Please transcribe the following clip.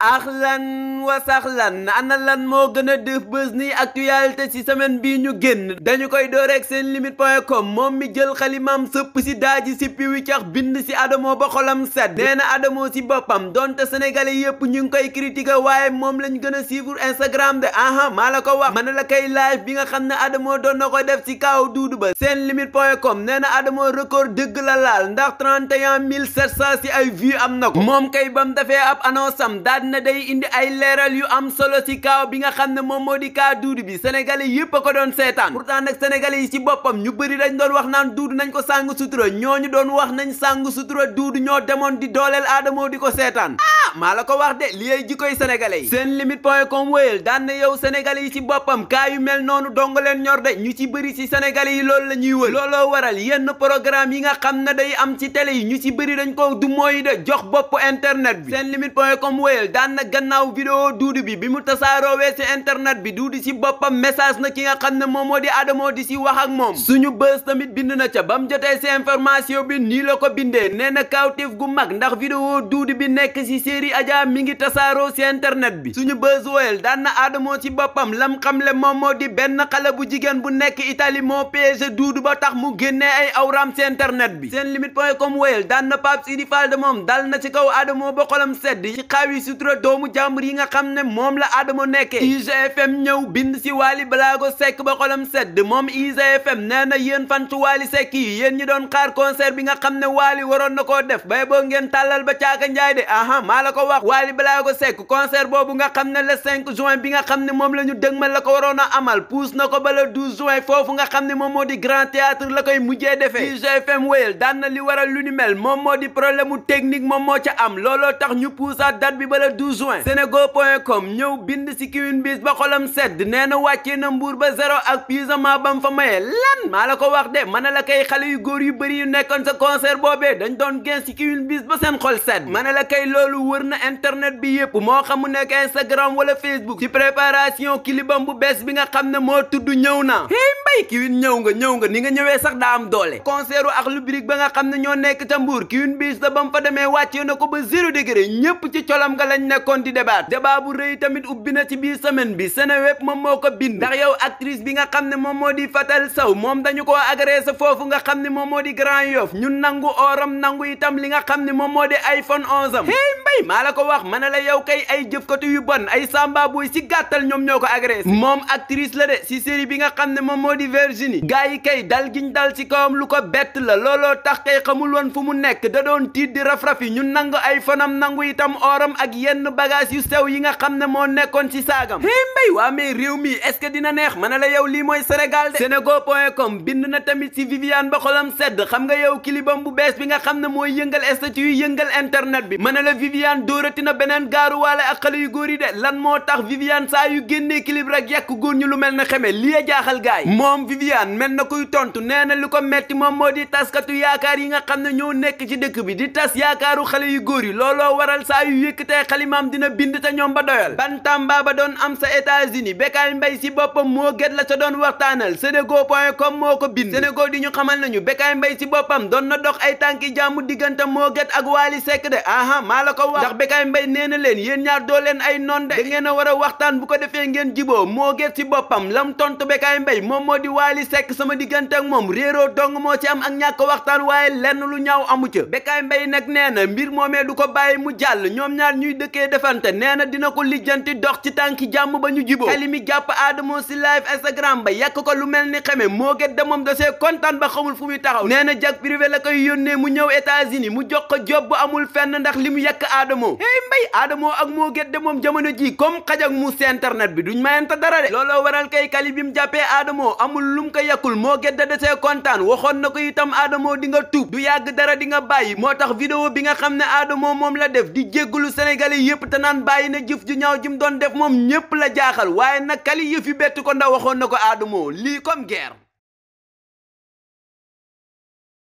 ahlan wa sahlan ana lan moo gën a def bës ni actualité ci semaine bii ñu génn dañu koy door seen limite point com moom mi jël xalimaam sëpp si daaji si piwi cax bind si Adamo ba xolam set nee na Adamo ci boppam donte sénégalais yépp ñu ngi koy critiqué waaye moom lañ gën a suivre Instagram de aha maa la ko wax mën la koy live bi nga xam ne Adamo doon na ko def si kaw duudu ba seen limite point com nee na Adamo record dëgg la laal ndax 31 700 si ay am na ko moom kay bam dafee ab xam ne day indi ay leeral yu am solo ci kaaw bi nga xam ne moom moo di kaa duudu bi sénégalais yëpp a ko doon seetaan pourtant ak sénégalais yi ci boppam ñu bëri dañ doon wax naan duudu nañ ko sàng sutura ñu doon wax nañ sàng sutura duudu ñoo demoon di dooleel aadamoo di ko seetaan ah maa la ko wax de li ay jikkoy sénégalais yi seen limite point com wéyal daan na yow sénégalais yi ci boppam kaa yu mel noonu dong leen ñor de ñu ci bëri ci sénégalais yi loolu la ñuy wër looloo waral yenn programme yi nga xam ne day am ci tele yi ñu ci bëri dañ ko du mooy de jox bopp internet bi seen limite point com wéyal daan na gannaaw vidéo duudu bi bi mu tasaaroowee ci internet bi duudu ci boppam message na ki nga xam ne moom moo di Adamo di ci wax ak moom suñu bës tamit bind na ca ba jotee ci information bi nii la ko bindee nee na kaawteef gu mag ndax série Adja mi ngi tasaaroo si internet bi suñu buzz woyal daan na aadamoo ci boppam lam xamle moom moo di benn xale bu jigéen bu nekk Italie moo piégé duudu ba tax mu génnee ay awram si internet bi seen limite point com woyal daan na Pape Sidi Fall de moom dal na ci kaw aadamoo ba xolam sedd ci xaawi sutura doomu jàmbur yi nga xam ne moom la aadamoo nekkee IGFM ñëw bind si Wally Ballago Seck ba xolam sedd moom IGFM nee na yéen fantu Wally Seck yi yéen ñi doon xaar concert bi nga xam ne Wally waroon na koo def bay boo ngeen tàllal ba caaka la ko wax Wally Ballago Seck concert bi nga xam ne moom la ñu dëgmal la ko waroon a amal puus na ko ba le 12 nga xam ne moom moo di la koy mujjee defee UGFM daan na li waral lu ni mel moom moo di problème mu technique moom moo ca am looloo tax ñu puusaat date bi ba le 12 juin senego.com ñëw bind si kiwin bis ba xolam sedd nee na wàccee na mbuur ba zéro ak puisament bam fa mayee lan maa la ko wax de mën na la kay xale yu góor yu bëri yu nekkoon sa concert boobee dañ doon gën si kiwin bis ba seen xol sedd mën la kay loolu wër na internet bi yëpp moo xam mu nekk Instagram wala Facebook ci préparation kilibam bu bees bi nga xam ne moo tudd ñëw na way ñëw nga ñëw nga ni nga ñëwee sax daa am doole concert ak lubrique ba nga xam ne ñoo nekk ca mbuur kiwin biis da ba mu fa demee wàccee na ko ba zéro ñépp ci colam nga lañ nekkoon di débat débat bu rëy tamit ubbi na ci biir semaine bi Seneweb moom moo ko bind ndax yow actrice bi nga xam ne moom moo di Fatal Sow moom dañu koo agressé foofu nga xam ne Grand Yoff ñun nangu oram nangu itam li nga xam ne moom moo di iPhone 11 am hey mbay maa la ko wax ma a la yow kay ay jëfkatu yu bon ko agressé moom di Virginie gars yi kay dal giñ dal ci kawam lu ko bett la looloo tax kay xamul woon fu mu nekk da doon tiit di raf-raf yi ñu nangu ay fanam nangu itam oram ak yenn bagage yu sew yi nga xam ne moo nekkoon ci saagam hey mbay waa mais réew mi est-ce que dina neex ma ne la yow lii mooy Sénégal de senego.com bind na tamit ci Viviane ba xolam sedd xam nga yow kilibam bu bees bi nga xam ne mooy yëngal statut yi yëngal internet bi ma ne la Viviane dóorati na beneen gaaruwaale ak xale yu góor yi de lan moo tax Viviane saa yu génnee clip rek yàq góor ñu lu mel ne xeme lii moom Viviane mel na kuy tontu nee na li ko metti moom moo di taskatu yaakaar yi nga xam ne ñoo nekk ba ba doon am sa États-Unis Bécaye Mbaye boppam moo gét la sa doon waxtaanal senego point com moo ko bind senego di ñu xamal nañu Bécaye Mbaye si boppam doon na dox ay tànki jàmm diggante moo gét ak Wally Seck de aha maa la ko wax ndax Bécaye Mbaye nee na leen yéen ñaar doo leen ay noon de da ngeen a war a waxtaan bu ko defee ngeen jiboo moo gét si boppam lam tontu Bécaye Mbaye moom moo di Wally Seck sama diggante ak moom réeroo dong moo ci am ak ñàkk waxtaan waaye lenn lu ñaaw amu ca Bécaye Mbaye nag nee na mbir moomee du ko bàyyi mu jàll ñoom ñaar ñuy dëkkee defante nee na dina ko lijjanti dox ci tànki jàmm ba ñu jiboo xeli mi jàpp Adamo si live Instagram ba yàkk ko lu mel ni xeme moo get da moom da see kontaan ba xamul fu muy taxaw nee na jag privé la koy yónnee mu ñëw États-Unis mu jox ko job amul fenn ndax li mu yàq Adamo hey Mbaye Adamo ak moo get moom jamono ji comme xaj mu si bi duñ mayante amul lum ko yàkkul moo gedda desee kontaan waxoon na ko itam aadamoo di nga tuub du yàgg dara di nga bàyyi moo tax vidéo bi nga xam ne aadamoo moom la def di jéggalu sénégalais yépp te naan bàyyi na jëf ju ñaaw ji mu doon def moom ñépp la jaaxal waaye nag kali yëf yi bett ko ndaw waxoon na ko aadamoo lii comme guerre